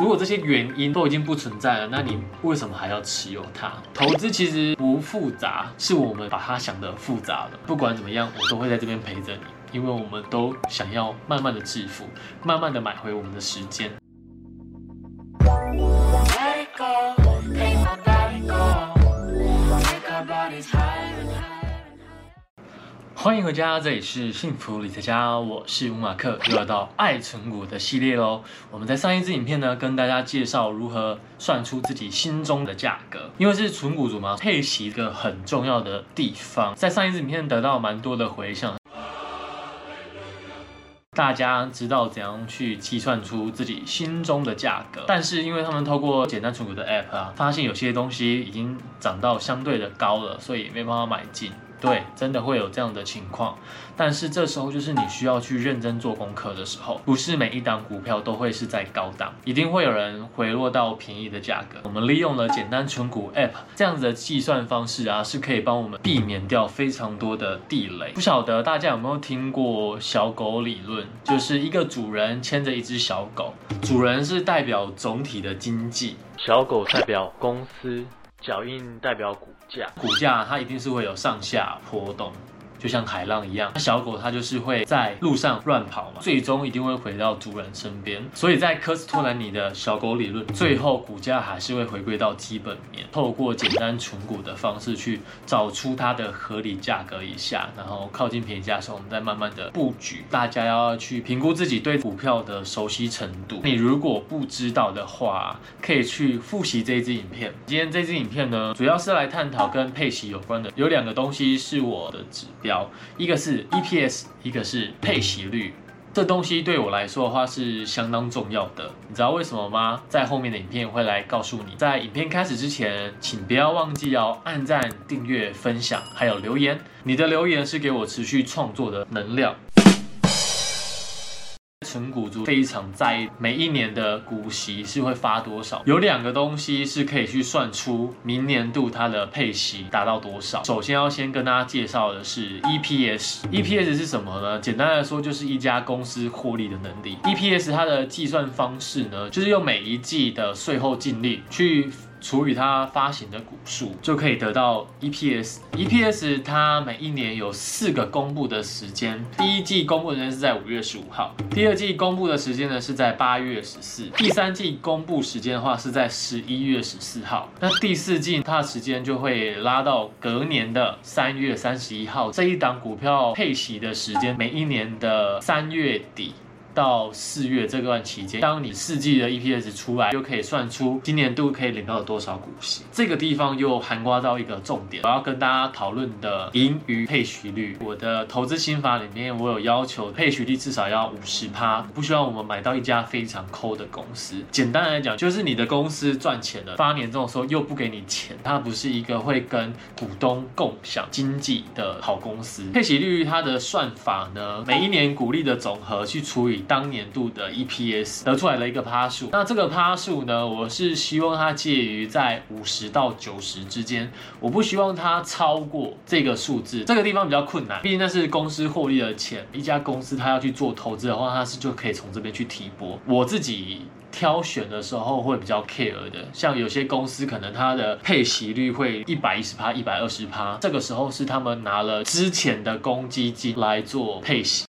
如果這些原因都已經不存在了，那你為什麼還要持有它？投資其實不複雜，是我們把它想得複雜了。不管怎麼樣，我都會在這邊陪着你，因為我們都想要慢慢的致富，慢慢的買回我們的時間。歡迎回家，這裡是幸福理財家，我是吳馬克，又來到愛存股的系列嘍。我們在上一支影片呢，跟大家介紹如何算出自己心中的價格，因為是存股族嘛，配息，一個很重要的地方。在上一支影片得到蠻多的回響，大家知道怎樣去計算出自己心中的價格，但是因為他們透過簡單存股的 App 啊，發現有些東西已經漲到相對的高了，所以沒辦法買進。對，真的會有這樣的情況，但是這時候就是你需要去認真做功課的時候，不是每一檔股票都會是在高檔，一定會有人回落到便宜的價格。我們利用了簡單存股 App 這樣子的計算方式啊，是可以幫我們避免掉非常多的地雷。不曉得大家有沒有聽過小狗理論？就是一個主人牽着一隻小狗，主人是代表總體的經濟，小狗代表公司，腳印代表股。股價它一定是會有上下波動。就像海浪一樣，那小狗它就是會在路上亂跑嘛，最終一定會回到主人身邊。所以在柯斯托蘭尼的小狗理論，最後股價還是會回歸到基本面，透過簡單存股的方式去找出它的合理價格以下，然後靠近便宜價的時候，我們再慢慢的布局。大家要去評估自己對股票的熟悉程度。你如果不知道的話，可以去複習這一支影片。今天這支影片呢，主要是來探討跟配息有關的，有兩個東西是我的指標。一個是 EPS，一個是配息率，這東西對我來說的話是相當重要的。你知道為什麼嗎？在後面的影片會來告訴你。在影片開始之前，請不要忘記要按讚、訂閱、分享，還有留言。你的留言是給我持續創作的能量。存股族非常在意每一年的股息是會發多少，有兩個東西是可以去算出明年度它的配息達到多少。首先要先跟大家介紹的是 EPS，EPS 是什麼呢？簡單來說就是一家公司獲利的能力。EPS 它的計算方式呢，就是用每一季的稅後淨利去，除以它發行的股數，就可以得到 EPS。EPS 它每一年有四個公布的時間，第一季公布的時間是在五月十五號，第二季公布的時間呢是在八月十四，第三季公布時間的話是在十一月十四號，那第四季它的時間就會拉到隔年的三月三十一號。這一檔股票配息的時間，每一年的三月底到四月這段期間，當你四季的 EPS 出來，又可以算出今年度可以領到多少股息。這個地方又涵括到一個重點，我要跟大家討論的盈餘配息率。我的投資心法裡面，我有要求配息率至少要五十趴，不需要我們買到一家非常摳的公司。簡單來講，就是你的公司賺錢了，發年終的時候又不給你錢，它不是一個會跟股東共享經濟的好公司。配息率它的算法呢，每一年股利的總和去除以。當年度的 EPS 得出來了一個趴數，那這個趴數呢，我是希望它介於在五十到九十之間，我不希望它超過這個數字。這個地方比較困難，畢竟那是公司獲利的錢。一家公司它要去做投資的話，它是就可以從這邊去提撥。我自己挑選的時候會比較 care 的，像有些公司可能它的配息率會一百一十趴、一百二十趴，這個時候是他們拿了之前的公積金來做配息。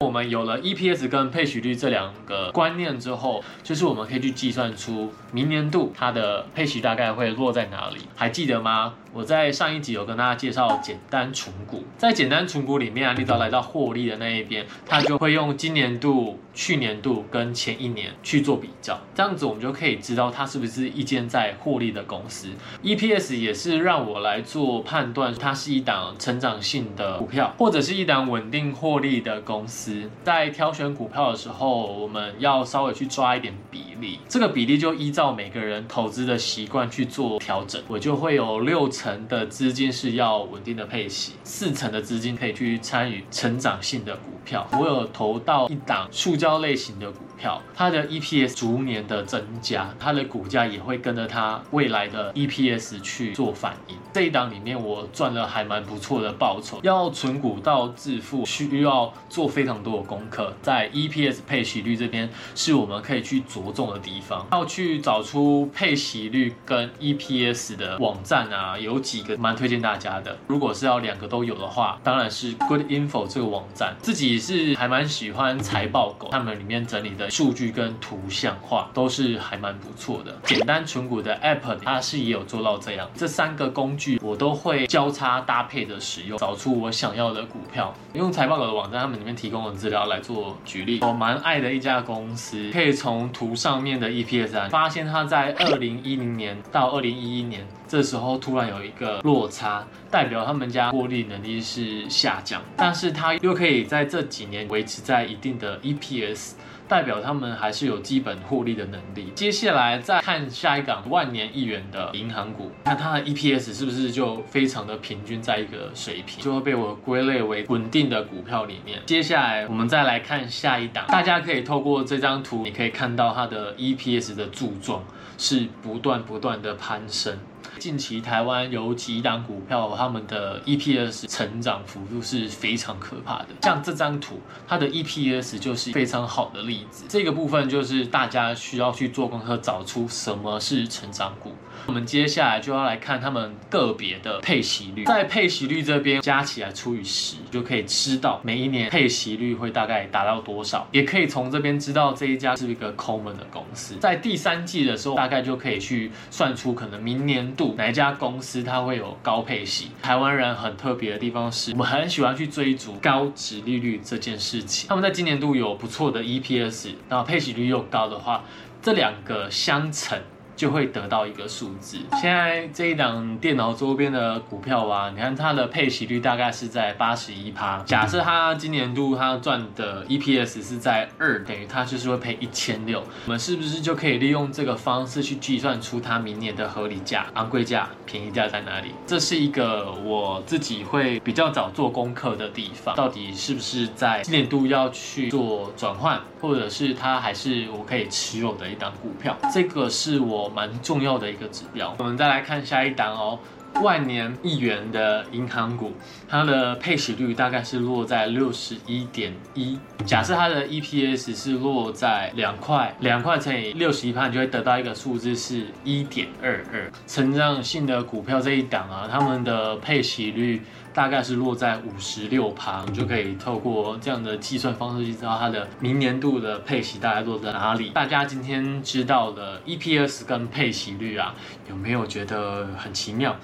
我們有了 EPS 跟配息率這兩個觀念之後，就是我們可以去計算出明年度它的配息大概會落在哪裡，還記得嗎？我在上一集有跟大家介紹簡單存股，在簡單存股裡面啊，你只要來到獲利的那一邊，它就會用今年度、去年度跟前一年去做比較，這樣子我們就可以知道它是不是一間在獲利的公司。EPS 也是讓我來做判斷，它是一檔成長性的股票，或者是一檔穩定獲利的公司。在挑選股票的時候，我們要稍微去抓一點比例，這個比例就依照每個人投資的習慣去做調整。我就會有六成、成的資金是要穩定的配息，四成的資金可以去參與成長性的股票。我有投到一檔塑膠類型的股。票，它的 EPS 逐年的增加，它的股價也會跟着它未來的 EPS 去做反應。這一檔裡面我賺了還蠻不錯的報酬。要存股到致富，需要做非常多的功課。在 EPS 配息率這邊是我們可以去着重的地方，要去找出配息率跟 EPS 的網站啊，有幾個蠻推薦大家的。如果是要兩個都有的話，當然是 Goodinfo 這個網站。自己是還蠻喜歡財報狗，他們裡面整理的。數據跟圖像化都是還蠻不錯的。簡單存股的 App，它是也有做到這樣。這三個工具我都會交叉搭配着使用，找出我想要的股票。用財報狗的網站，他們裡面提供的資料來做舉例。我蠻愛的一家公司，可以從圖上面的 EPS 發現，它在二零一零年到二零一一年這時候突然有一個落差，代表他們家獲利能力是下降，但是它又可以在這幾年維持在一定的 EPS。代表他們還是有基本獲利的能力。接下來再看下一檔萬年一元的銀行股，那它的 EPS 是不是就非常的平均在一個水平，就會被我歸類為穩定的股票裡面。接下來我們再來看下一檔，大家可以透過這張圖，你可以看到它的 EPS 的柱狀是不斷不斷的攀升。近期台灣有幾檔股票，他們的 EPS 成長幅度是非常可怕的。像這張圖，它的 EPS 就是非常好的例子。這個部分就是大家需要去做功課，找出什麼是成長股。我們接下來就要來看他們個別的配息率。在配息率這邊加起來除以十，就可以知道每一年配息率會大概達到多少。也可以從這邊知道這一家是一個摳門的公司。在第三季的時候，大概就可以去算出可能明年度。哪一家公司它會有高配息？台灣人很特別的地方是，我們很喜歡去追逐高殖利率這件事情。他們在今年度有不錯的 EPS，然後配息率又高的話，這兩個相乘，就會得到一個數字。現在這一檔電腦週邊的股票啊，你看它的配息率大概是在八十一趴。假設它今年度它賺的 EPS 是在二，等於它就是會配一千六。我們是不是就可以利用這個方式去計算出它明年的合理價、昂貴價、便宜價在哪裡？這是一個我自己會比較早做功課的地方，到底是不是在今年度要去做轉換，或者是它還是我可以持有的一檔股票？這個是我。蠻重要的一個指標，我們再來看下一檔哦，萬年億元的銀行股，它的配息率大概是落在六十一點一，假設它的 EPS 是落在兩塊，兩塊乘以六十一趴，你就會得到一個數字是一點二二，成長性的股票這一檔啊，他們的配息率。大概是落在五十六旁，就可以透過這樣的計算方式去知道它的明年度的配息大概落在哪裡。大家今天知道的 EPS 跟配息率啊，有沒有覺得很奇妙？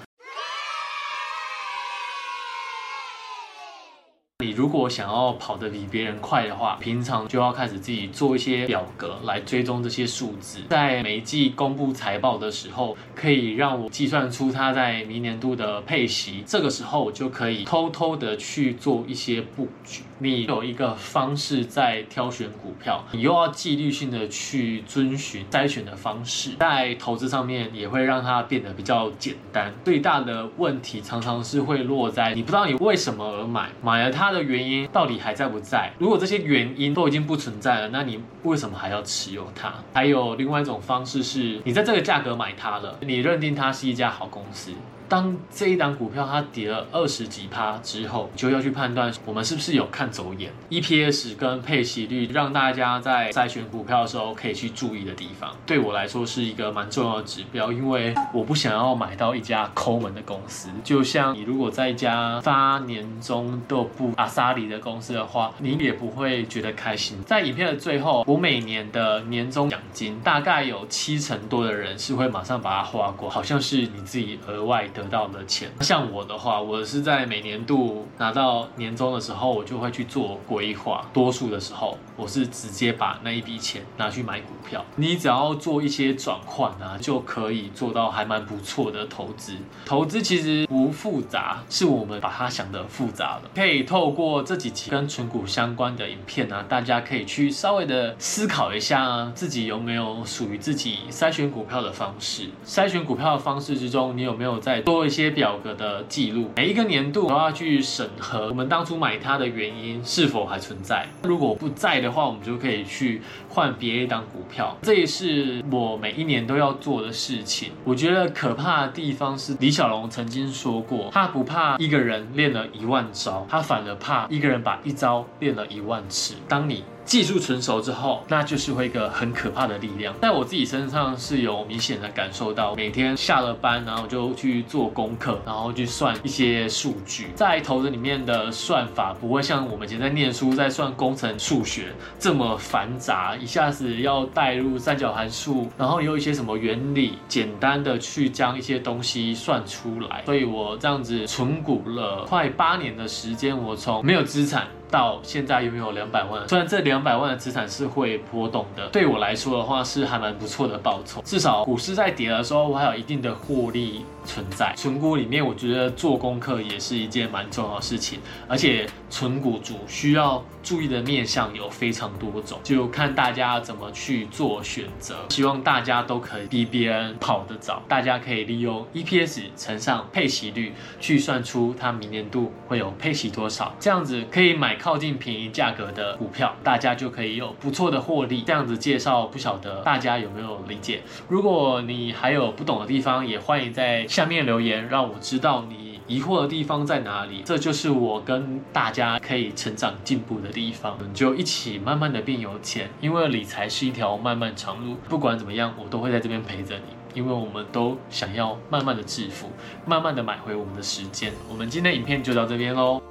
你如果想要跑得比別人快的話，平常就要開始自己做一些表格來追蹤這些數字。在每一季公布財報的時候，可以讓我計算出它在明年度的配息。這個時候我就可以偷偷的去做一些布局。你有一個方式在挑選股票，你又要紀律性的去遵循篩選的方式，在投資上面也會讓它變得比較簡單。最大的問題常常是會落在你不知道你為什麼而買，買了它。它的原因到底還在不在？如果這些原因都已經不存在了，那你為什麼還要持有它？還有另外一種方式是，你在這個價格買它了，你認定它是一家好公司。當這一檔股票它跌了二十幾趴之後，就要去判斷我們是不是有看走眼。EPS 跟配息率讓大家在篩選股票的時候可以去注意的地方，對我來說是一個蠻重要的指標，因為我不想要買到一家摳門的公司。就像你如果在家發年終都不阿沙里的公司的話，你也不會覺得開心。在影片的最後，我每年的年終獎金大概有七成多的人是會馬上把它花光，好像是你自己額外的。得到的錢，像我的話，我是在每年度拿到年終的時候，我就會去做規劃。多數的時候，我是直接把那一筆錢拿去買股票。你只要做一些轉換啊，就可以做到還蠻不錯的投資。投資其實不複雜，是我們把它想得複雜了。可以透過這幾集跟存股相關的影片啊，大家可以去稍微的思考一下啊，自己有沒有屬於自己篩選股票的方式。篩選股票的方式之中，你有沒有在多？做一些表格的記錄，每一個年度都要去審核我們當初買它的原因是否還存在。如果不在的話，我們就可以去換別一檔股票。這也是我每一年都要做的事情。我覺得可怕的地方是李小龍曾經說過，他不怕一個人練了一萬招，他反而怕一個人把一招練了一萬次。當你技術成熟之後，那就是會一個很可怕的力量。在我自己身上是有明顯的感受到，每天下了班，然後就去做功課，然後去算一些數據。在投資裡面的算法不會像我們以前在念書在算工程數學這麼繁雜，一下子要帶入三角函數，然後有一些什麼原理，簡單的去將一些東西算出來。所以我這樣子存股了快八年的時間，我從沒有資產。到現在擁有兩百萬，雖然這兩百萬的資產是會波動的，對我來說的話是還蠻不錯的報酬，至少股市在跌的時候，我還有一定的獲利存在。存股裡面，我覺得做功課也是一件蠻重要的事情，而且存股族需要注意的面向有非常多種，就看大家怎麼去做選擇。希望大家都可以比別人跑得早，大家可以利用 EPS 乘上配息率，去算出它明年度會有配息多少，這樣子可以買。靠近便宜價格的股票，大家就可以有不錯的獲利。這樣子介紹，不曉得大家有沒有理解？如果你還有不懂的地方，也歡迎在下面留言，讓我知道你疑惑的地方在哪裡。這就是我跟大家可以成長進步的地方，我們就一起慢慢的變有錢。因為理財是一條漫漫長路，不管怎麼樣，我都會在這邊陪着你。因為我們都想要慢慢的致富，慢慢的買回我們的時間。我們今天影片就到這邊嘍。